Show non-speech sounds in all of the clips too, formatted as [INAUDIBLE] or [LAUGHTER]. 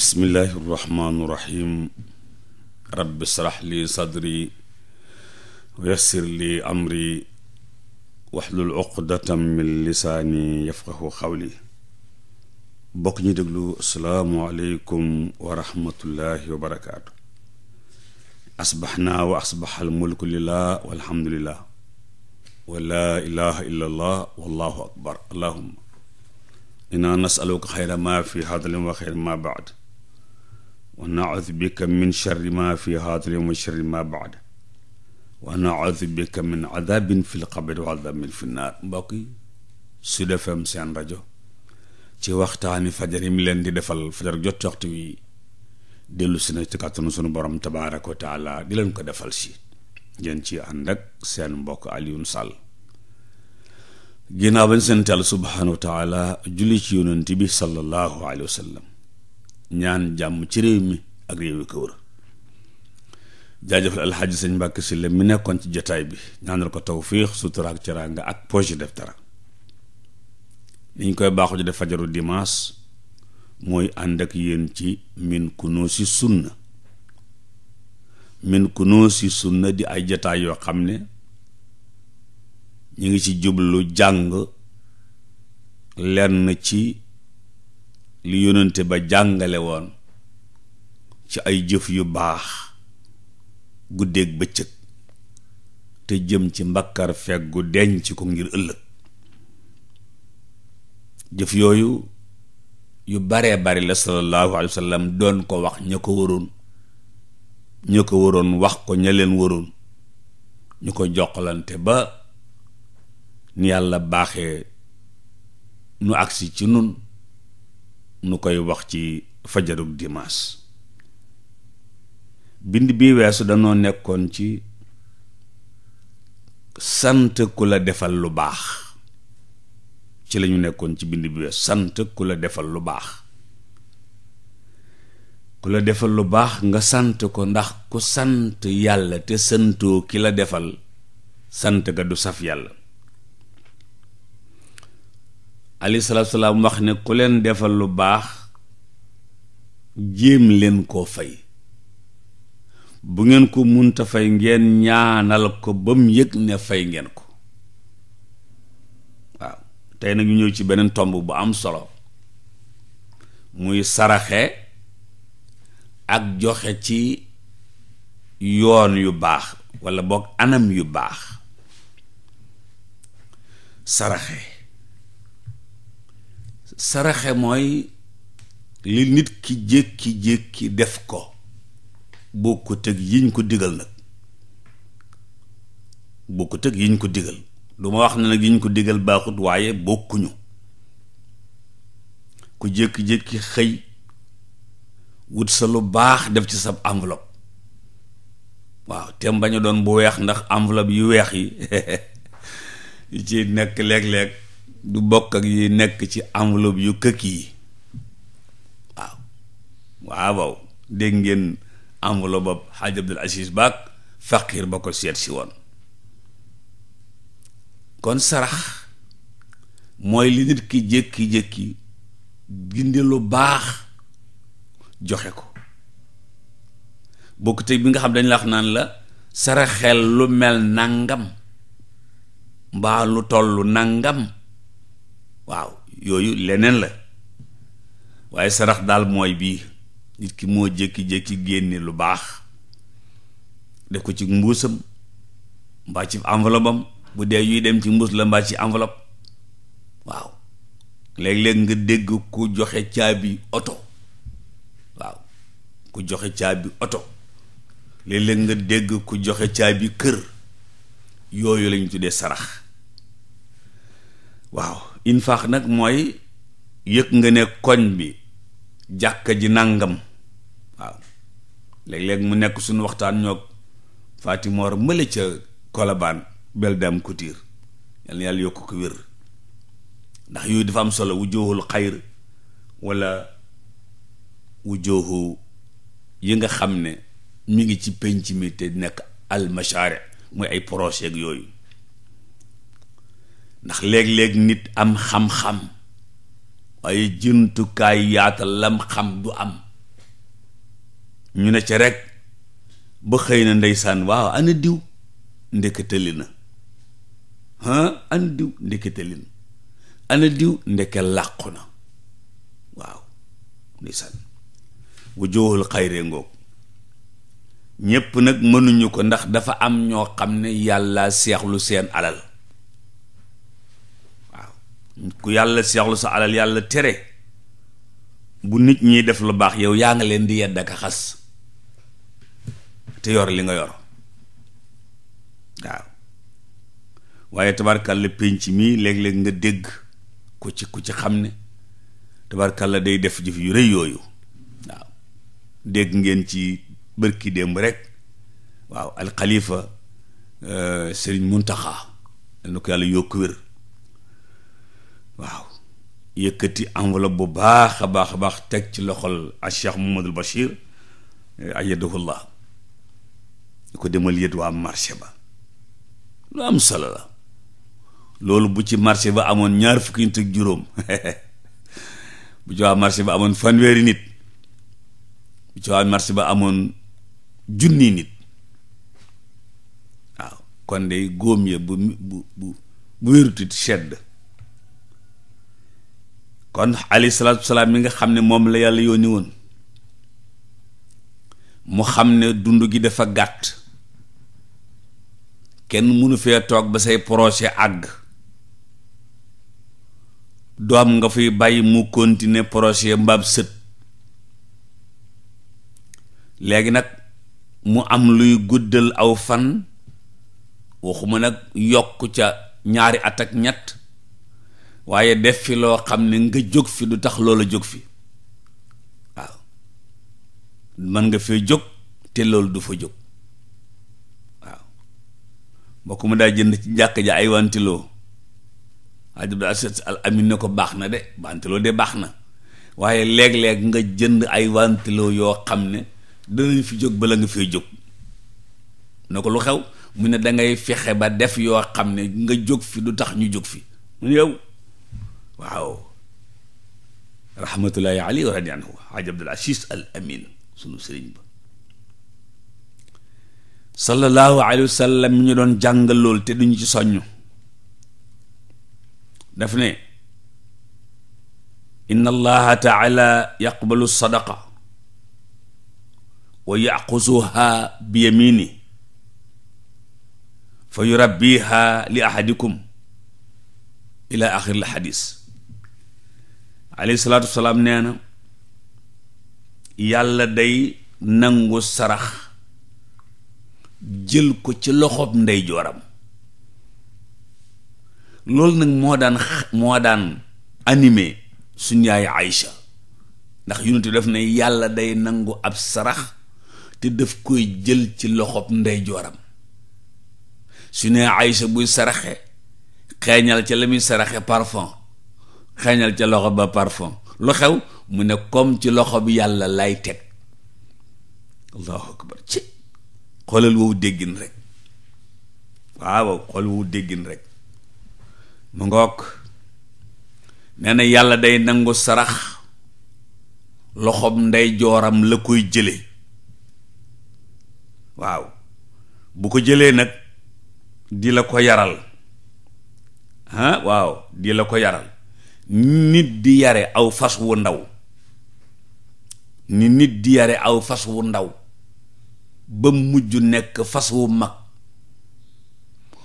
bismillahi irrahmaani irrahim rabbi srax li sadri wa yassir li amri waxlul uqdatam min lisaani yafqahu xawli bokk ñi déglu asalaamualeykum wa rahmatullahi wa barakaatu asbaxnaa wa asbax almulku lillah walhamdulillah wa laa ilaha illa allah wallahu akbar allahuma inaa nasaluka xayra ma fi hadalin wa xayra ma baad wa naudu bika min sharri ma fi haadir wa sharri ma baad wa naudu bika min adaabin fi lqabri wa adaabin fi naar mbokk yi Sud seen rajo ci waxtaani fajar yi leen di defal fajar jot waxtu wi dellu si na ci kàttanu sunu borom tabaaraka wa taala di leen ko defal ci ngeen ci ànd ak seen mbokk Alioune Sall ginnaaw bañ seen tàll subhaanahu wa taala julli ci yonent bi sallallahu alayhi wa sallam ñaan jàmm ci réew mi ak réew yi ko wër jaajëfal alxaaji sëñ Mbàkke Sylla mu nekkoon ci jataay bi ñaanal ko tawfiix sutura ak teraanga ak projet def dara niñ koy baaxu ji def fajaru dimanche mooy ànd ak yéen ci min kunuusi sunna min kunuusi sunna di ay jataay yoo xam ne ñu ngi ci jublu jàng lenn ci li yonente ba jàngale woon ci ay jëf yu baax guddeeg bëccëg te jëm ci mbakkar feggu denc ko ngir ëllëg jëf yooyu yu baree bari la sallallahu alayhi wa doon ko wax ña ko waroon ña ko waroon wax ko ña leen waroon ñu ko jokkalante ba ni yàlla baaxee nu agsi ci nun nu koy wax ci fajarug dimaas bind bi weesu danoo nekkoon ci sant ku la defal lu baax ci lañu nekkoon ci bind bi weesu sant ku la defal lu baax ku la defal lu baax nga sant ko ndax ku sant yàlla te santoo ki la defal sant ga du saf yàlla alayhi salaam wax ne ku leen defal lu baax jéem leen koo fay bu ngeen ko munta fay ngeen ñaanal ko ba mu yëg ne fay ngeen ko waaw tey nag ñu ñëw ci beneen tomb bu am solo muy saraxe ak joxe ci yoon yu baax walla boog anam yu baax saraxe saraxe mooy li nit ki jékki-jékki def ko boo ko tëg yiñ ko digal nag boo ko tëg yiñ ko digal du ma wax ne nag yiñ ko digal baaxut waaye bokkuñu ku jékki-jékki xëy wut sa lu baax def ci sa enveloppe waaw te bañu doon bu weex ndax enveloppe yu weex yi [LAUGHS] ci nekk léeg-léeg du bokk ak yi nekk ci enveloppe yu këkk yi waaw waaw dégg ngeen enveloppe ab xaaj Abdul Aziz baag faqir ba ko seet si woon kon sarax mooy li nit ki jékki-jékki gindi lu baax joxe ko bokk teg bi nga xam dañ la wax naan la saraxel lu mel nangam mbaa lu tollu nangam waaw yooyu leneen la waaye sarax daal mooy bii nit ki moo jékki-jékki génne lu baax def ko ci mbuusam mbaa ci enveloppe am bu dee yuy dem ci mbuus la mbaa ci enveloppe waaw léeg-léeg nga dégg ku joxe caabi oto waaw ku joxe caabi oto léeg-léeg nga dégg ku joxe caabi kër yooyu lañ dee sarax waaw infaax nag mooy yëg nga ne koñ bi jàkka ji nàngam waaw léeg-léeg mu nekk suñu waxtaan ñoo Fatimor mële ca Kolobaan Beldam Couture yal na yàlla yokk ko wér ndax yooyu dafa am solo wujoohul xayr wala wujoohu yi nga xam ne mu ngi ci penc mi te nekk almashaare mooy ay projet yooyu ndax léeg-léeg nit am xam-xam waaye jëntukaay yaatal lam xam du am ñu ne ci rekk ba xëy na ndeysaan waaw ana diw ndekkatali na ana na ana diw ndekke làqu na waaw ndeysaan bu joowul xayree ngoog ñépp nag mënuñu ko ndax dafa am ñoo xam ne yàlla seexlu seen alal ku yàlla seexlu sa alal yàlla tere bu nit ñiy def lu baax yow yaa nga leen di yedd ak xas te yor li nga yor waaw waaye tabarkàlla pénc mi léeg-léeg nga dégg ko ci ku ci xam ne tabarkàlla day def jëf yu rëy yooyu waaw dégg ngeen ci bërki démb rek waaw alxalifa euh, sëriñ muntaxa nu ko yàlla yokku wér waaw yëkkati enveloppe bu baax a baax a baax teg ci loxol a Cheikh Mouhamadul Bachir ayyadahullah lu ko demal yët waa marché ba lu am solo la loolu bu ci marché ba amoon ñaar fukki nit ak juróom [LAUGHS] bu ci waa marché ba amoon fanweeri nit bu ci waa marché ba amoon junni nit waaw kon de góom ya bu bu bu bu wérutit sedd kon alayhi salaatu salaam mi nga xam ne moom la yàlla yónni woon mu xam ne dund gi dafa gàtt kenn mënu fee toog ba say projet àgg doom nga fi bàyyi mu continuer projet mbaab sët léegi nag mu am luy guddal aw fan waxuma nag yokk ca ñaari at ak ñett waaye def fi loo xam ne nga jóg fi du tax a jóg fi waaw mën nga fee jóg te loolu du fa jóg waaw mbokk mu daa jënd ci njàkk ja ay wantiloo ajab da aset al amin ne ko baax na de wantiloo de baax na waaye léeg-léeg nga jënd ay wantiloo yoo xam ne danañ fi jóg bala nga fee jóg ne ko lu xew mu ne dangay fexe ba def yoo xam ne nga jóg fi du tax ñu jóg fi mu ne waaw rahmatullahi aley wa radi anhu xaaj abdul asis al amin sunu sëriñ ba sallallahu alayhi wa sallam mi ñu doon jàngal lool te duñu ci soññ daf ne inna allaha taala yaqbalu sadaqa wa yaqusuha bi yamini fa yurabbiha li ahadikum ila axir al xadis alayhi salaatu salaam nee na yàlla day nangu sarax jël ko ci loxob ndeyjooram loolu nag moo daan moo daan animé suñ yaay Aïcha ndax yunit def na yàlla day nangu ab sarax te def koy jël ci loxob ndeyjooram su ne Aïcha buy saraxe xeeñal ca la muy saraxe parfum xeeñal ca loxo ba parfum lu xew mu ne comme ci loxo bi yàlla lay teg allahu akbar ci xoolal woowu déggin rek waaw xool woowu déggin rek mu ngoog nee na yàlla day nangu sarax loxoom ndey jooram la koy jële waaw bu ko jëlee nag di la ko yaral ah waaw di la ko yaral nit di yare aw fas wu ndaw ni nit di yare aw fas wu ndaw ba mujj nekk fas wu mag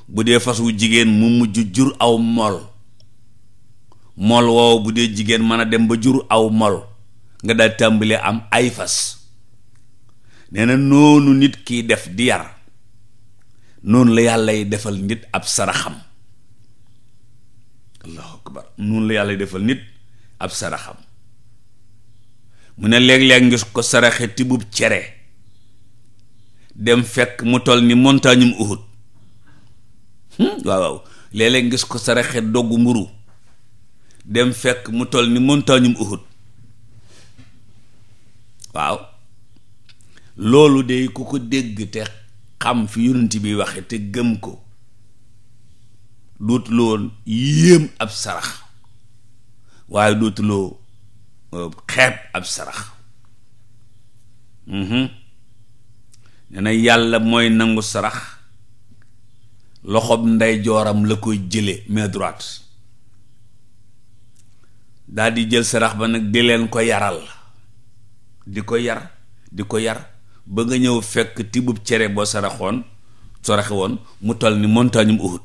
bu dee fas wu jigéen mu mujj jur aw mol mol woow bu dee jigéen mën a dem ba jur aw mol nga daal tàmbalee am ay fas nee na noonu nit kiy def di yar noonu la yàlla yi defal nit ab saraxam allahu akbar noonu la yàlla defal nit ab saraxam mu ne léeg-léeg nga ko saraxe tibub cere dem fekk mu toll ni montagne mu Uhud hmm? waaw waaw léeg ko saraxe doggu mburu dem fekk mu ni montagne waaw loolu de ku ko dégg te xam fi yonent bi waxe te gëm ko dootuloo yéem ab sarax waaye dootuloo euh, xeeb ab sarax mhm. nee yàlla mooy nangu sarax loxo ndeyjooram la koy jële main droite daal di jël sarax ba nag di leen ko yaral di ko yar di ko yar ba nga ñëw fekk tibub cere boo saraxoon saraxe woon mu toll ni montagne mu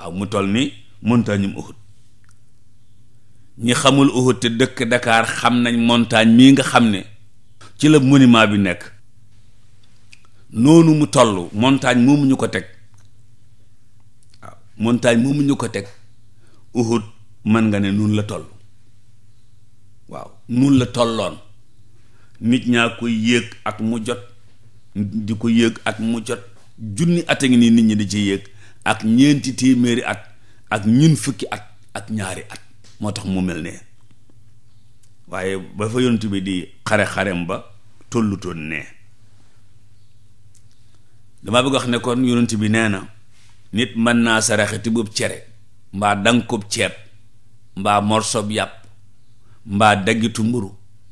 waaw mu toll ni montagne um ñi xamul Uhud te dëkk Dakar xam nañ montagne mii nga xam ne ci la monument bi nekk noonu mu toll montagne moomu ñu ko teg waaw montagne moomu ñu ko teg Uhud mën nga ne nun la toll waaw nun la tolloon nit ñaa koy yéeg at mu jot di ko yéeg at mu jot junni at a ngi nii nit ñi di ci yéeg ak ñeenti téeméeri at ak ñun fukki at ak ñaari at moo tax mu mel ne waaye ba fa yonent bi di xare-xarem ba tollutoon ne dama bëgg wax ne kon yonent bi nee na nit mën naa saraxe tibub cere mbaa dankub ceeb mbaa morsob yàpp mbaa daggitu mburu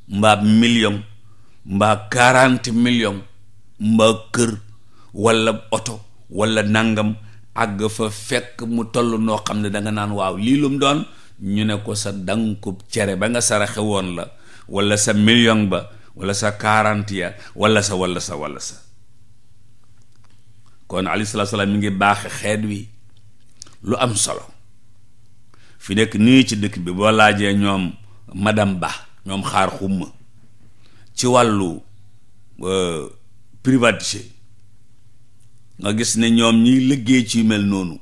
mbaa million mbaa quarante million mbaa kër walla oto walla nangam àgg fa fekk mu toll noo xam ne da nga naan waaw lii lum doon ñu ne ko sa dankub cere ba nga saraxe woon la wala sa million ba wala sa quarante ya wala sa wala sa wala sa kon aleyhi salaatu salaam mi ngi baaxe xeet wi lu am solo fi nekk nii ci dëkk bi boo laajee ñoom madame Ba ñoom xaar xumma ci wàllu euh, privatiser nga gis ne ñoom ñiy liggéey ci mel noonu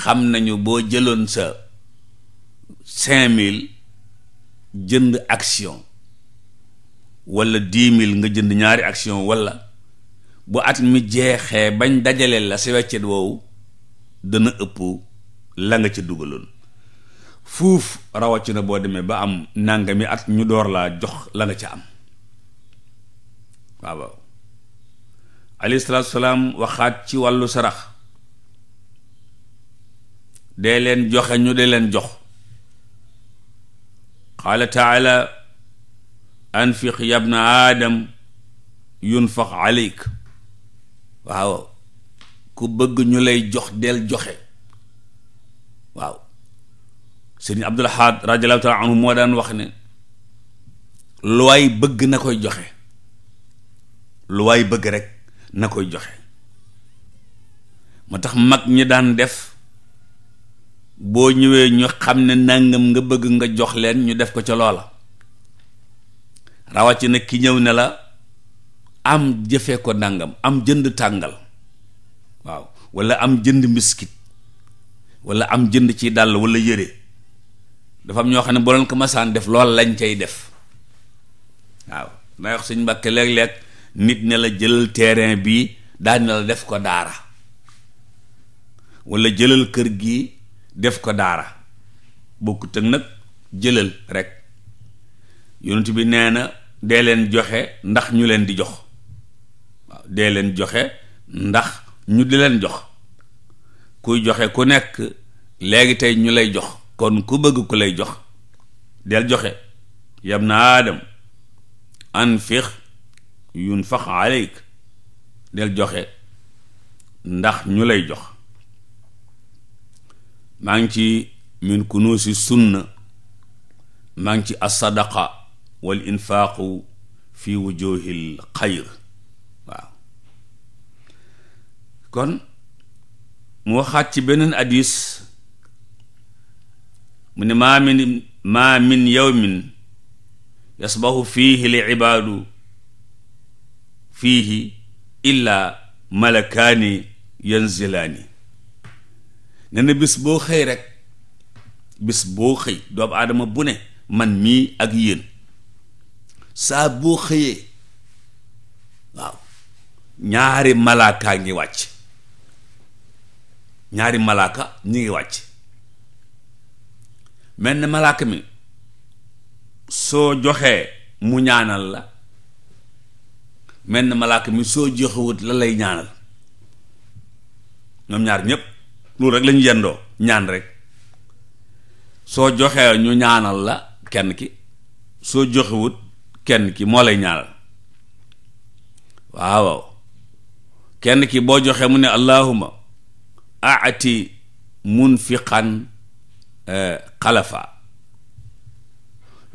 xam nañu boo jëloon sa cinq mille jënd action wala dix mille nga jënd ñaari action walla bu at mi jeexee bañ dajale la si weccet woowu dana ëpp la nga ci dugaloon fuuf rawatina boo demee ba am nangami at ñu door laa jox la nga ca am waaw waaw alayhi salaam waxaat ci wàllu sarax dee leen joxe ñu dee leen jox qaala taala anfiq yabna aadam yunfax aleyk waaw ku bëgg ñu lay jox del joxe waaw sëriñ Abdul Ahad radiallahu taala moo daan wax ne lu waay bëgg na koy joxe lu waay bëgg rek na koy joxe moo tax mag ñi daan def boo ñëwee ñu xam ne ndàngam nga bëgg nga jox leen ñu def ko ca loola rawatina ki ñëw ne la am jëfe ko nangam am jënd tàngal waaw walla am jënd mbiskit walla am jënd ci dàll walla yére dafa am ñoo xam ne boo leen ko masaan def lool lañ cay def waaw may wax suñ mbàkke léeg-léeg nit ne la jëlal terrain bi daal ne la def ko daara walla jëlal kër gi def ko daara bokkut ak nag jëlal rek yonent bi nee na dee leen joxe ndax ñu leen di jox waaw dee leen joxe ndax ñu di leen jox kuy joxe ku nekk léegi tey ñu lay jox kon ku bëgg ku lay jox del joxe yab na aadam anfiq yunfax aleyk del joxe ndax ñu lay jox maa ngi ci min kunuusi sunna maa ngi ci assadaqa wal infaaqu fi wujuhil xayr waaw kon mu waxaat ci beneen hadis mu ne maa min maa min yawmin yasbahu fiihi li ibaadu fiihi illa malakaani yanzilaani nee bis boo xëy rek bis boo xëy doomu aadama bu ne man mii ak yéen saa boo xëyee waaw ñaari malaakaa ngi wàcc ñaari malaaka ñi ngi wàcc mel ne malaaka mi soo joxee mu ñaanal la mel na malaaka mi soo joxewut la lay ñaanal ñoom ñaar ñépp loolu rek lañu yendoo ñaan rekk soo joxee ñu ñaanal la kenn ki soo joxewut kenn ki moo lay ñaanal waaw kenn ki boo joxee mu ne allahuma aati munfiqan eh, xalafa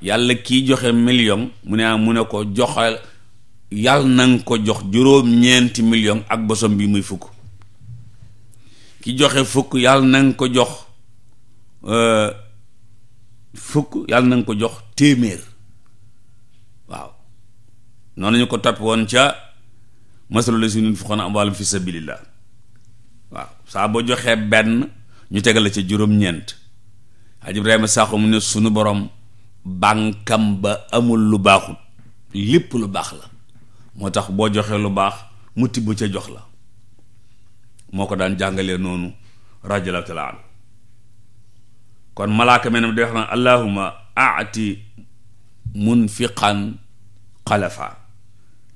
yàlla kii joxe million mu ne ah, mu ne ko joxal yàlla na nga ko jox juróom-ñeenti million ak bosom bi muy fukk ki joxe fukk yàlla na nga ko jox euh, fukk yàlla na nga ko jox téeméer waaw noonu ñu ko topp woon ca masalu la si nun fuqoon amwaalum fi sabilillah waaw saa boo joxee benn ñu tegal la ca juróom-ñeent aj Ibrahima Sakho mu ne sunu borom bànkam ba amul lu baaxut lépp lu baax la moo tax boo joxee lu baax mu tibb ca jox la moo ko daan jàngalee noonu radiyallahu taala anhu kon malaaka menam di wax naan allahuma aati munfiqan xalafa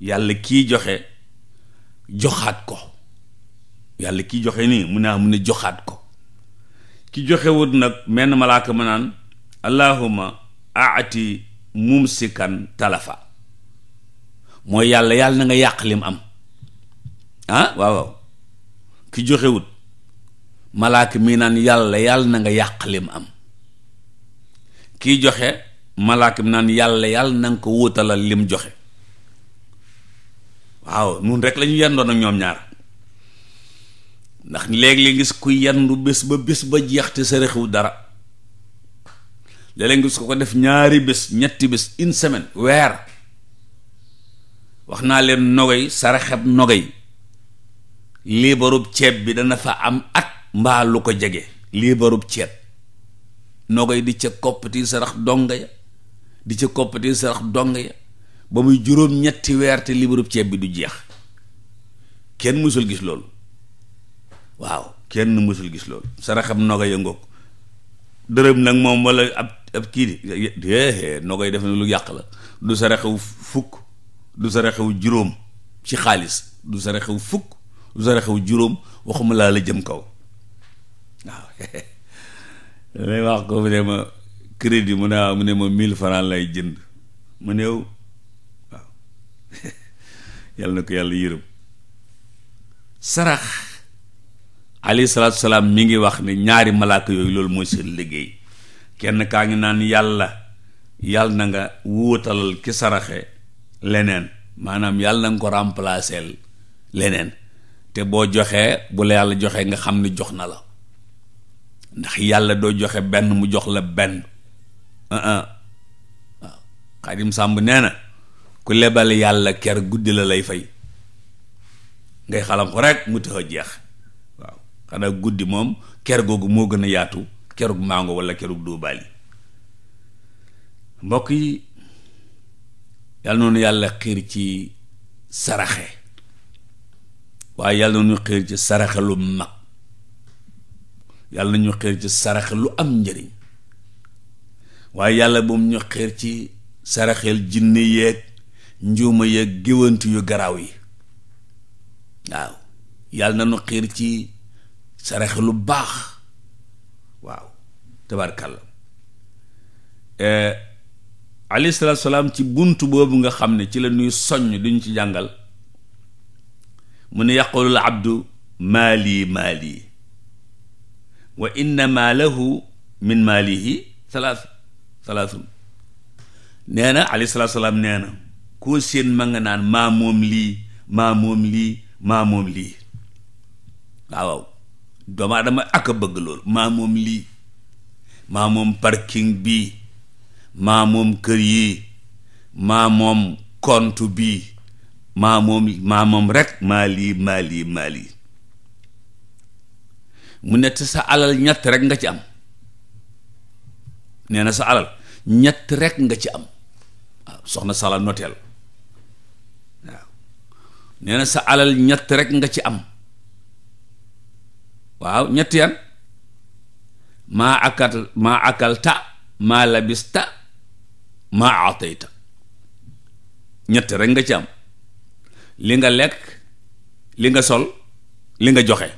yàlla kii joxe joxaat ko yàlla kii joxe nii mun naa ah mun ne joxaat ko ki joxewut nag menn malaaka ma naan allahuma aati mumsikan talafa mooy yàlla yàlla na nga yàq lim am ah waaw waaw ki joxewut malaaka mi naan yàlla yàlla na nga yàq lim am kiy joxe malaaka naan yàlla yàlla na nga ko wóotalal lim joxe waaw nun rek lañu yendoon ak ñoom ñaar ndax léeg-léeg gis ku yendu bés ba bés ba jeex te sërëxiwu dara léeg-léeg gis ko ko def ñaari bés ñetti bés une semaine weer wax naa leen nogay saraxeb nogay liibarub ceeb bi dana fa am at mbaa lu ko jege liibarub ceeb nogay di ca koppati sarax donga ya di ca koppati sarax donga ya ba muy juróom-ñetti weer te liibarub ceeb bi du jeex kenn mësul gis loolu waaw kenn mësul gis loolu saraxab nogay ya ngoog dërëm nag moom wala ab ab kii di eh, eh, nogoy def na lu yàq la du saraxew fukk du saraxewu juróom ci xaalis du saraxewu fukk du saraxewu juróom waxuma laa la jëm kaw waaw lay [LAUGHS] wax ko mu ne ma crédit mu ne waaw mu ne ma mille francs lay jënd mu néew waaw [LAUGHS] yàlla na ko yàlla yërëm sarax alayhi salaatu salaam mi ngi wax ni ñaari malaaka yooyu loolu mooy seen liggéey kenn kaa ngi naan yàlla yàlla na nga wóotalal ki saraxe leneen maanaam yàlla na nga ko remplacer leneen te boo joxee bu la yàlla joxee nga xam ni jox na la ndax yàlla doo joxe benn mu jox la benn ah, ah. waaw xaadim sàmb nee na ku lebal yàlla ker guddi la lay fay ngay xalam ko rek mu tax a jeex waaw xanaa guddi moom ker googu moo gën a yaatu kerug màngo wala kerug duubaali mbokk yi yàlla noonu yàlla xiir ci saraxe waaye yàlla noonu xiir ci yàlla ñu xiir ci saraxe lu am njëriñ waaye yàlla boobu ñu xiir ci saraxel jinne yeeg njuuma yeeg géwant yu garaaw yi waaw yàlla na nu xiir ci saraxe lu baax waaw tabarkàlla eh, alayhi salaatu salaam ci bunt boobu nga xam ne ci la ñuy soññ duñu ci jàngal mu ne yaqulul abdu maali maali wa innama lahu min maalihi salaas salaasun nee na alayhi salaatu salaam nee na koo seen ma nga naan maa moom lii maa moom lii maa moom lii waaw doomu aadama ak a bëgg loolu maa moom lii maa moom parking bii maa moom kër yii maa moom compte bii maa moom maa moom rek maa lii maa lii maa lii mu ne sa alal ñett rek nga ci am nee sa alal ñett rek nga ci am waaw soxna sala noteel waaw sa alal ñett rek nga ci am waaw ñett yan maa akal maa akal ta maa labis ta maa aatayta ñett rekk nga ci am li nga lekk li nga sol li nga joxe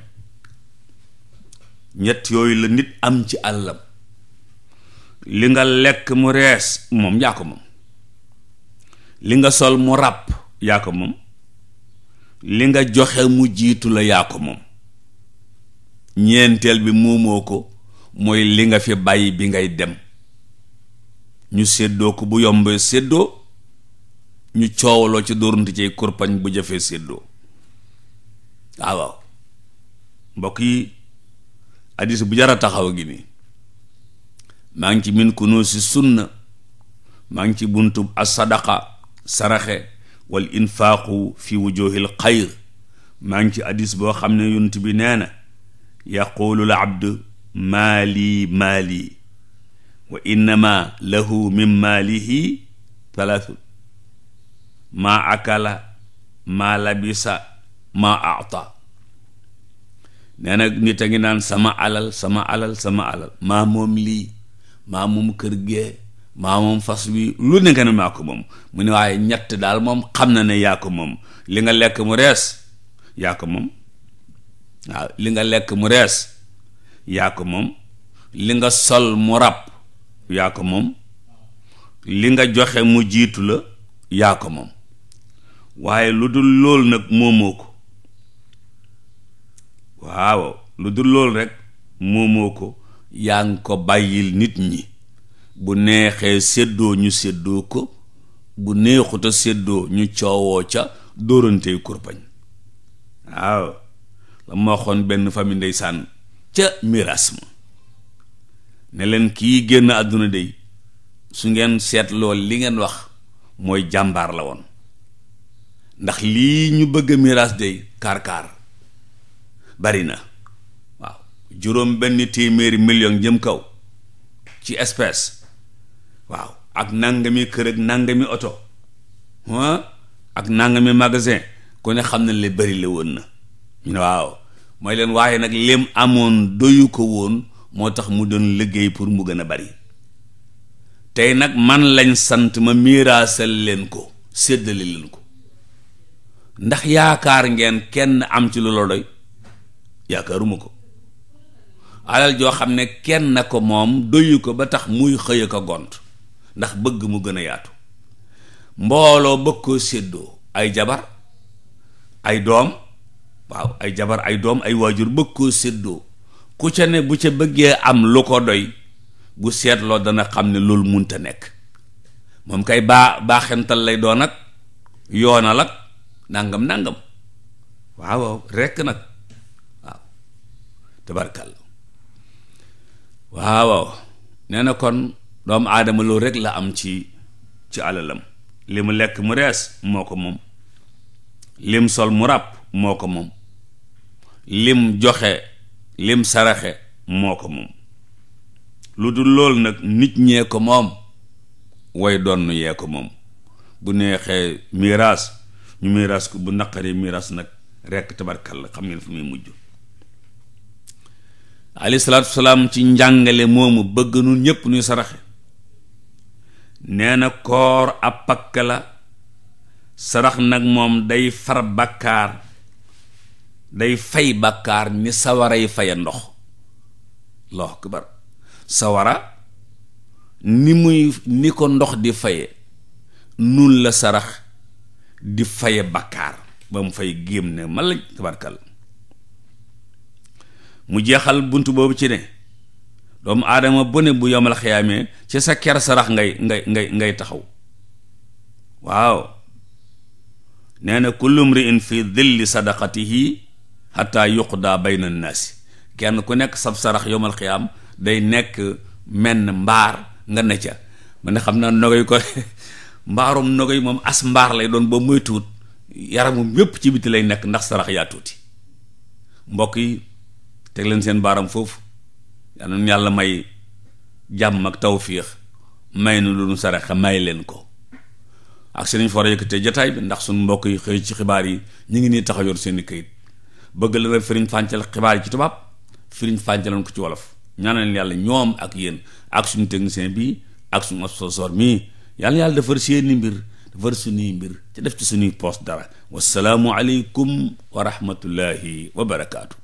ñett yooyu la nit am ci àllam li nga lekk mu rees moom yaa ko moom li nga sol mu ràpp yaa ko moom li nga joxe mu jiitu la yaa ko moom ñeenteel bi muumoo ko mooy li nga fi bàyyi bi ngay dem ñu seddoo ko bu yombee séddoo ñu coowloo ci dóorante ci kurpañ bu jafee séddoo waaw waaw yi addis bu jara taxaw gi nii maa ngi ci min ku noo si sunna maa ngi ci buntub asadaqa saraxe wal infaaqu fi wujuhil xayr maa ngi ci addis boo xam ne yunt bi nee na yaqulu l maali maali wa innama lahu min maalihi talaatu maa akala maa labisa maa ata nee na nit naan sama alal sama alal sama alal maa moom lii maa moom kër gee moom fas wi lu ne nga ne maa moom mu ne waaye ñett daal moom xam na ne yaa ko moom li nga lekk mu rees yaa moom waaw nga sol mu rab yaa ko moom li nga joxe mu jiitu la yaa ko moom waaye lu dul lool nag moomoo ko waaw lu dul lool rekk moomoo ko yaa ngi ko bàyyil nit ñi bu neexee seddoo ñu séddoo ko bu neexuta seddoo ñu coowoo ca dóorantey kurpañ waaw la ma waxoon benn famille ndeysaan ca miraas ma ne leen kii génn àdduna dey su ngeen seetloo li ngeen wax mooy jàmbaar la woon ndax lii ñu bëgg a miraas dey kaar-kaar bari na waaw juróom benn téeméeri million jëm kaw ci espèce waaw ak nangami kër ak nangami oto ak nangami magasin ku ne xam na le bari la woon na ñu ne waaw mooy leen waaye nag lim amoon doyu ko woon moo tax mu doon liggéey pour mu gën a bari tey nag man lañ sant ma miiraasal leen ko séddale leen ko ndax yaakaar ngeen kenn am ci lu la doy yaakaaruma ko alal joo xam ne kenn na ko moom doyu ko ba tax muy xëy ko gont ndax bëgg mu gën a yaatu mbooloo bëgg koo séddoo ay jabar ay doom waaw ay jabar ay doom ay waajur bëgg koo séddoo ku ca ne bu ca bëggee am lu ko doy bu seetloo dana xam ne loolu munta nekk moom kay baa lay doon ak yoonal ak nàngam nàngam waaw rekk nag waaw tabarkàlla waaw nee na kon doomu aadama loolu rek la am ci ci alalam li lekk mu rees moo ko moom lim sol mu ràpp moo ko moom lim joxe lim saraxe moo ko moom lu dul lool nag nit ñee ko moom way donn yee ko moom bu neexee miraas ñu miraas ko bu naqaree miraas nag rekk tabarkalla xam ngeen fu muy mujj alayhi salaatu ci njàngale moomu bëgg nun ñépp nuy saraxe nee na koor ab pakk la sarax nag moom day far bàkkaar day fay bàkkaar ni sawaray fay ndox allahu sawara ni muy ni ko ndox di faye nun la sarax di faye bàkkaar ba mu fay gémm ne man lañ tabarkal mu jeexal bunt boobu ci ne doomu aadama bu ne bu yomal xiyaamee ci sa ker sarax ngay ngay ngay taxaw waaw nee na kullu mri'in fi dhilli sadaqatihi xataa yuqdaa bayna naasi kenn ku nekk sab sarax yowmal xiyaam day nekk menn mbaar nga ne ca ma ne xam naa nogoy ko [LAUGHS] mbaarum yi moom as mbaar lay doon ba moytuwut yaramum yépp ci biti lay nekk ndax sarax yaa tuuti mbokk yi teg leen seen baaram foofu yal yàlla may jàmm ak tawfiix may nu lu nu saraxa may leen ko ak seen ñu fa war a ndax suñu mbokk yi xëy ci xibaar yi ñu ngi nii taxaw yor seen i këyit bëgg la nag firiñ fàncal xibaar yi ci tubaab firiñ fàncaloon ko ci wolof ñaanal yàlla ñoom ak yéen ak suñu technicien bi ak suñu sponsor mii yàlla yàlla defar seeni mbir defar suñuy mbir ci def ci suñuy poste dara wasalaamu aleykum wa rahmatullahi wa